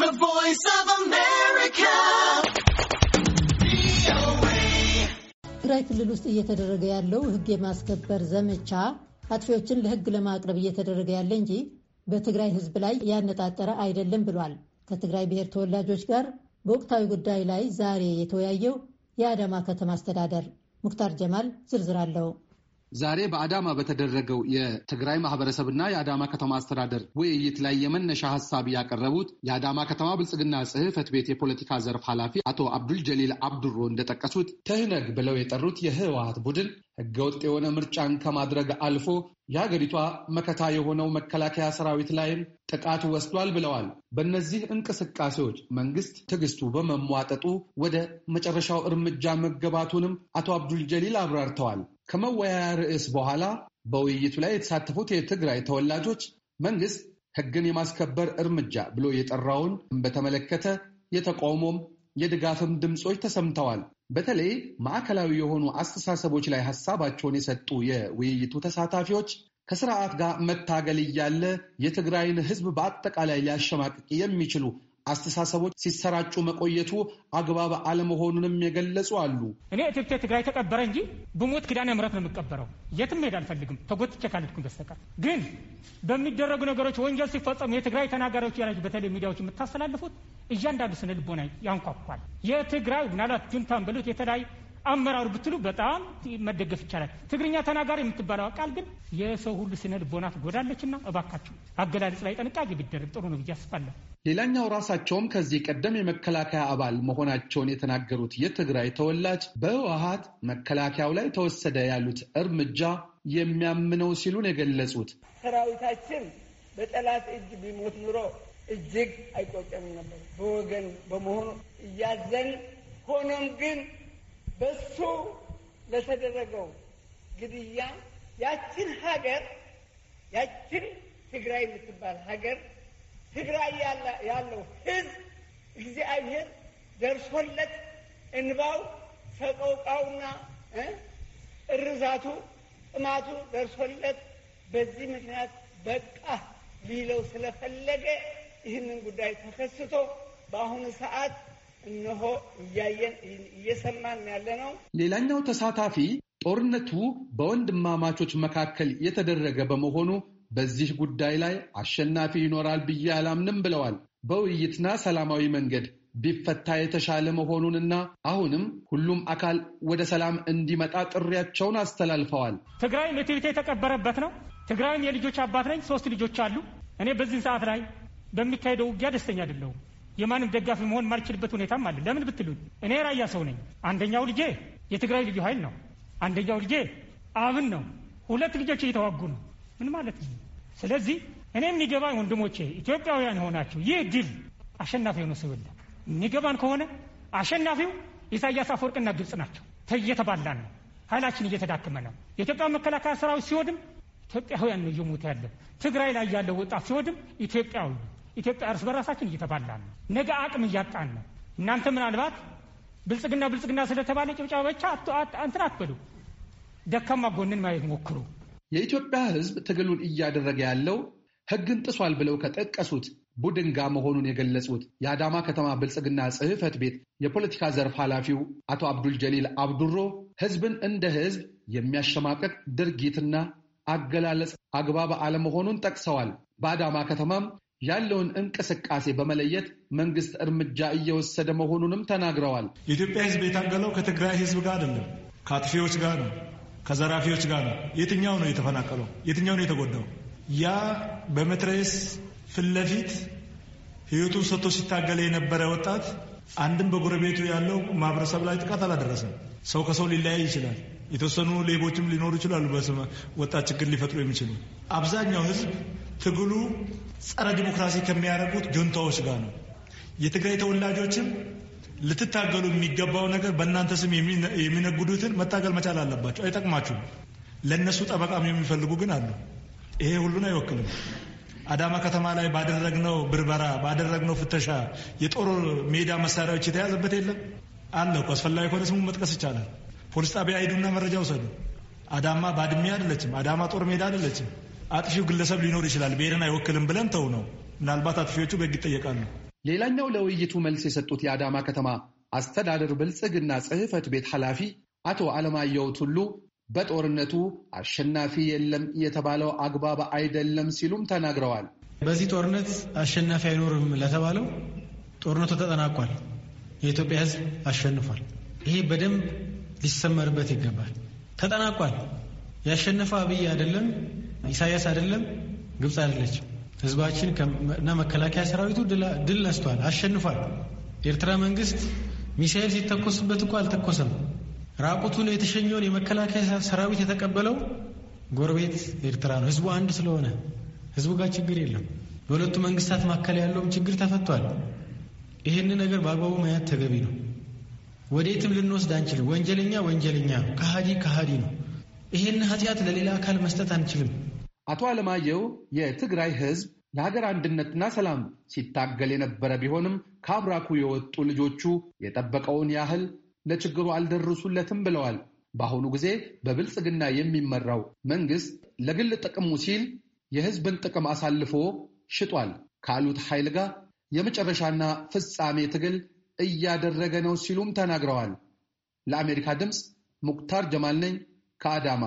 The Voice of America. ትግራይ ክልል ውስጥ እየተደረገ ያለው ሕግ የማስከበር ዘመቻ አጥፊዎችን ለሕግ ለማቅረብ እየተደረገ ያለ እንጂ በትግራይ ሕዝብ ላይ ያነጣጠረ አይደለም ብሏል። ከትግራይ ብሔር ተወላጆች ጋር በወቅታዊ ጉዳይ ላይ ዛሬ የተወያየው የአዳማ ከተማ አስተዳደር ሙክታር ጀማል ዝርዝር አለው። ዛሬ በአዳማ በተደረገው የትግራይ ማህበረሰብና የአዳማ ከተማ አስተዳደር ውይይት ላይ የመነሻ ሀሳብ ያቀረቡት የአዳማ ከተማ ብልጽግና ጽህፈት ቤት የፖለቲካ ዘርፍ ኃላፊ አቶ አብዱል ጀሊል አብዱሮ እንደጠቀሱት ትህነግ ብለው የጠሩት የህወሀት ቡድን ህገወጥ የሆነ ምርጫን ከማድረግ አልፎ የሀገሪቷ መከታ የሆነው መከላከያ ሰራዊት ላይም ጥቃት ወስዷል ብለዋል። በእነዚህ እንቅስቃሴዎች መንግስት ትዕግስቱ በመሟጠጡ ወደ መጨረሻው እርምጃ መገባቱንም አቶ አብዱል ጀሊል አብራርተዋል። ከመወያያ ርዕስ በኋላ በውይይቱ ላይ የተሳተፉት የትግራይ ተወላጆች መንግስት ህግን የማስከበር እርምጃ ብሎ የጠራውን በተመለከተ የተቃውሞም የድጋፍም ድምፆች ተሰምተዋል። በተለይ ማዕከላዊ የሆኑ አስተሳሰቦች ላይ ሀሳባቸውን የሰጡ የውይይቱ ተሳታፊዎች ከስርዓት ጋር መታገል እያለ የትግራይን ህዝብ በአጠቃላይ ሊያሸማቅቅ የሚችሉ አስተሳሰቦች ሲሰራጩ መቆየቱ አግባብ አለመሆኑንም የገለጹ አሉ። እኔ ኢትዮጵያ ትግራይ ተቀበረ እንጂ ብሞት ኪዳነ ምሕረት ነው የምቀበረው። የትም መሄድ አልፈልግም ተጎትቼ ካልሄድኩኝ በስተቀር ግን በሚደረጉ ነገሮች ወንጀል ሲፈጸሙ የትግራይ ተናጋሪዎች ያላችሁ በተለይ ሚዲያዎች የምታስተላልፉት እያንዳንዱ ስነ ልቦና ያንኳኳል። የትግራይ ምናልባት ጁንታን ብሉት የተለያዩ አመራሩ ብትሉ በጣም መደገፍ ይቻላል። ትግርኛ ተናጋሪ የምትባለው ቃል ግን የሰው ሁሉ ስነ ልቦና ትጎዳለችና እባካችሁ አገላለጽ ላይ ጥንቃቄ ቢደረግ ጥሩ ነው ብዬ አስባለሁ። ሌላኛው ራሳቸውም ከዚህ ቀደም የመከላከያ አባል መሆናቸውን የተናገሩት የትግራይ ተወላጅ በህወሀት መከላከያው ላይ ተወሰደ ያሉት እርምጃ የሚያምነው ሲሉን የገለጹት ሰራዊታችን በጠላት እጅ ቢሞት ኑሮ እጅግ አይቆጨም ነበር በወገን በመሆኑ እያዘን ሆኖም ግን በሱ ለተደረገው ግድያ ያችን ሀገር ያችን ትግራይ የምትባል ሀገር ትግራይ ያለው ህዝብ እግዚአብሔር ደርሶለት እንባው ሰቆቃውና እርዛቱ ጥማቱ ደርሶለት በዚህ ምክንያት በቃ ሊለው ስለፈለገ ይህንን ጉዳይ ተከስቶ በአሁኑ ሰዓት እነሆ እያየን እየሰማን ያለ ነው። ሌላኛው ተሳታፊ ጦርነቱ በወንድማማቾች መካከል የተደረገ በመሆኑ በዚህ ጉዳይ ላይ አሸናፊ ይኖራል ብዬ አላምንም ብለዋል። በውይይትና ሰላማዊ መንገድ ቢፈታ የተሻለ መሆኑንና አሁንም ሁሉም አካል ወደ ሰላም እንዲመጣ ጥሪያቸውን አስተላልፈዋል። ትግራይም እትብቴ የተቀበረበት ነው። ትግራይም የልጆች አባት ነኝ። ሶስት ልጆች አሉ። እኔ በዚህን ሰዓት ላይ በሚካሄደው ውጊያ ደስተኛ አይደለሁም። የማንም ደጋፊ መሆን ማልችልበት ሁኔታም አለ። ለምን ብትሉኝ እኔ ራያ ሰው ነኝ። አንደኛው ልጄ የትግራይ ልዩ ኃይል ነው። አንደኛው ልጄ አብን ነው። ሁለት ልጆች እየተዋጉ ነው። ምን ማለት ነው? ስለዚህ እኔም የሚገባኝ ወንድሞቼ ኢትዮጵያውያን የሆናችሁ ይህ ድል አሸናፊ የሆነ ሰው የለም። የሚገባን ከሆነ አሸናፊው ኢሳያስ አፈወርቅና ግብፅ ናቸው። እየተባላን ነው። ኃይላችን እየተዳከመ ነው። የኢትዮጵያ መከላከያ ሰራዊት ሲወድም ኢትዮጵያውያን ነው እየሞተ ያለው። ትግራይ ላይ ያለው ወጣት ሲወድም ኢትዮጵያዊ ኢትዮጵያ እርስ በራሳችን እየተባላን ነው። ነገ አቅም እያጣን ነው። እናንተ ምናልባት ብልጽግና ብልጽግና ስለተባለ ጭብጫ ብቻ እንትን አትበሉ። ደካማ ጎንን ማየት ሞክሩ። የኢትዮጵያ ሕዝብ ትግሉን እያደረገ ያለው ሕግን ጥሷል ብለው ከጠቀሱት ቡድን ጋር መሆኑን የገለጹት የአዳማ ከተማ ብልጽግና ጽሕፈት ቤት የፖለቲካ ዘርፍ ኃላፊው አቶ አብዱል ጀሊል አብዱሮ ሕዝብን እንደ ሕዝብ የሚያሸማቀቅ ድርጊትና አገላለጽ አግባብ አለመሆኑን ጠቅሰዋል። በአዳማ ከተማም ያለውን እንቅስቃሴ በመለየት መንግስት እርምጃ እየወሰደ መሆኑንም ተናግረዋል። የኢትዮጵያ ህዝብ የታገለው ከትግራይ ህዝብ ጋር አይደለም፣ ከአጥፊዎች ጋር ነው። ከዘራፊዎች ጋር ነው። የትኛው ነው የተፈናቀለው? የትኛው ነው የተጎዳው? ያ በመትረየስ ፊት ለፊት ህይወቱን ሰጥቶ ሲታገለ የነበረ ወጣት አንድም በጎረቤቱ ያለው ማህበረሰብ ላይ ጥቃት አላደረሰም። ሰው ከሰው ሊለያይ ይችላል። የተወሰኑ ሌቦችም ሊኖሩ ይችላሉ፣ በስመ ወጣት ችግር ሊፈጥሩ የሚችሉ አብዛኛው ህዝብ ትግሉ ጸረ ዲሞክራሲ ከሚያደርጉት ጁንታዎች ጋር ነው። የትግራይ ተወላጆችም ልትታገሉ የሚገባው ነገር በእናንተ ስም የሚነግዱትን መታገል መቻል አለባቸው። አይጠቅማችሁም። ለእነሱ ጠበቃም የሚፈልጉ ግን አሉ። ይሄ ሁሉን አይወክልም። አዳማ ከተማ ላይ ባደረግነው ብርበራ ባደረግነው ፍተሻ የጦር ሜዳ መሳሪያዎች የተያዘበት የለም አለ እኮ። አስፈላጊ ከሆነ ስሙ መጥቀስ ይቻላል። ፖሊስ ጣቢያ ሂዱና መረጃ ውሰዱ። አዳማ ባድሜ አይደለችም። አዳማ ጦር ሜዳ አይደለችም። አጥፊው ግለሰብ ሊኖር ይችላል። ብሔርን አይወክልም ብለን ተው ነው። ምናልባት አጥፊዎቹ በግ ይጠየቃሉ። ሌላኛው ለውይይቱ መልስ የሰጡት የአዳማ ከተማ አስተዳደር ብልጽግና ጽሕፈት ቤት ኃላፊ አቶ አለማየሁ ቱሉ በጦርነቱ አሸናፊ የለም የተባለው አግባብ አይደለም ሲሉም ተናግረዋል። በዚህ ጦርነት አሸናፊ አይኖርም ለተባለው ጦርነቱ ተጠናቋል። የኢትዮጵያ ሕዝብ አሸንፏል። ይሄ በደንብ ሊሰመርበት ይገባል። ተጠናቋል። ያሸነፈው አብይ አይደለም፣ ኢሳያስ አይደለም፣ ግብፅ አይደለችም። ህዝባችን እና መከላከያ ሰራዊቱ ድል ነስቷል፣ አሸንፏል። ኤርትራ መንግስት ሚሳኤል ሲተኮስበት እኮ አልተኮሰም። ራቁቱን የተሸኘውን የመከላከያ ሰራዊት የተቀበለው ጎረቤት ኤርትራ ነው። ህዝቡ አንድ ስለሆነ ህዝቡ ጋር ችግር የለም። በሁለቱ መንግስታት መካከል ያለውም ችግር ተፈቷል። ይህን ነገር በአግባቡ ማየት ተገቢ ነው። ወዴትም ልንወስድ አንችልም። ወንጀለኛ ወንጀለኛ ነው፣ ከሃዲ ከሃዲ ነው። ይህን ኃጢአት ለሌላ አካል መስጠት አንችልም። አቶ አለማየሁ የትግራይ ህዝብ ለሀገር አንድነትና ሰላም ሲታገል የነበረ ቢሆንም ከአብራኩ የወጡ ልጆቹ የጠበቀውን ያህል ለችግሩ አልደረሱለትም ብለዋል። በአሁኑ ጊዜ በብልጽግና የሚመራው መንግስት ለግል ጥቅሙ ሲል የህዝብን ጥቅም አሳልፎ ሽጧል ካሉት ኃይል ጋር የመጨረሻና ፍጻሜ ትግል እያደረገ ነው ሲሉም ተናግረዋል። ለአሜሪካ ድምፅ ሙክታር ጀማል ነኝ ከአዳማ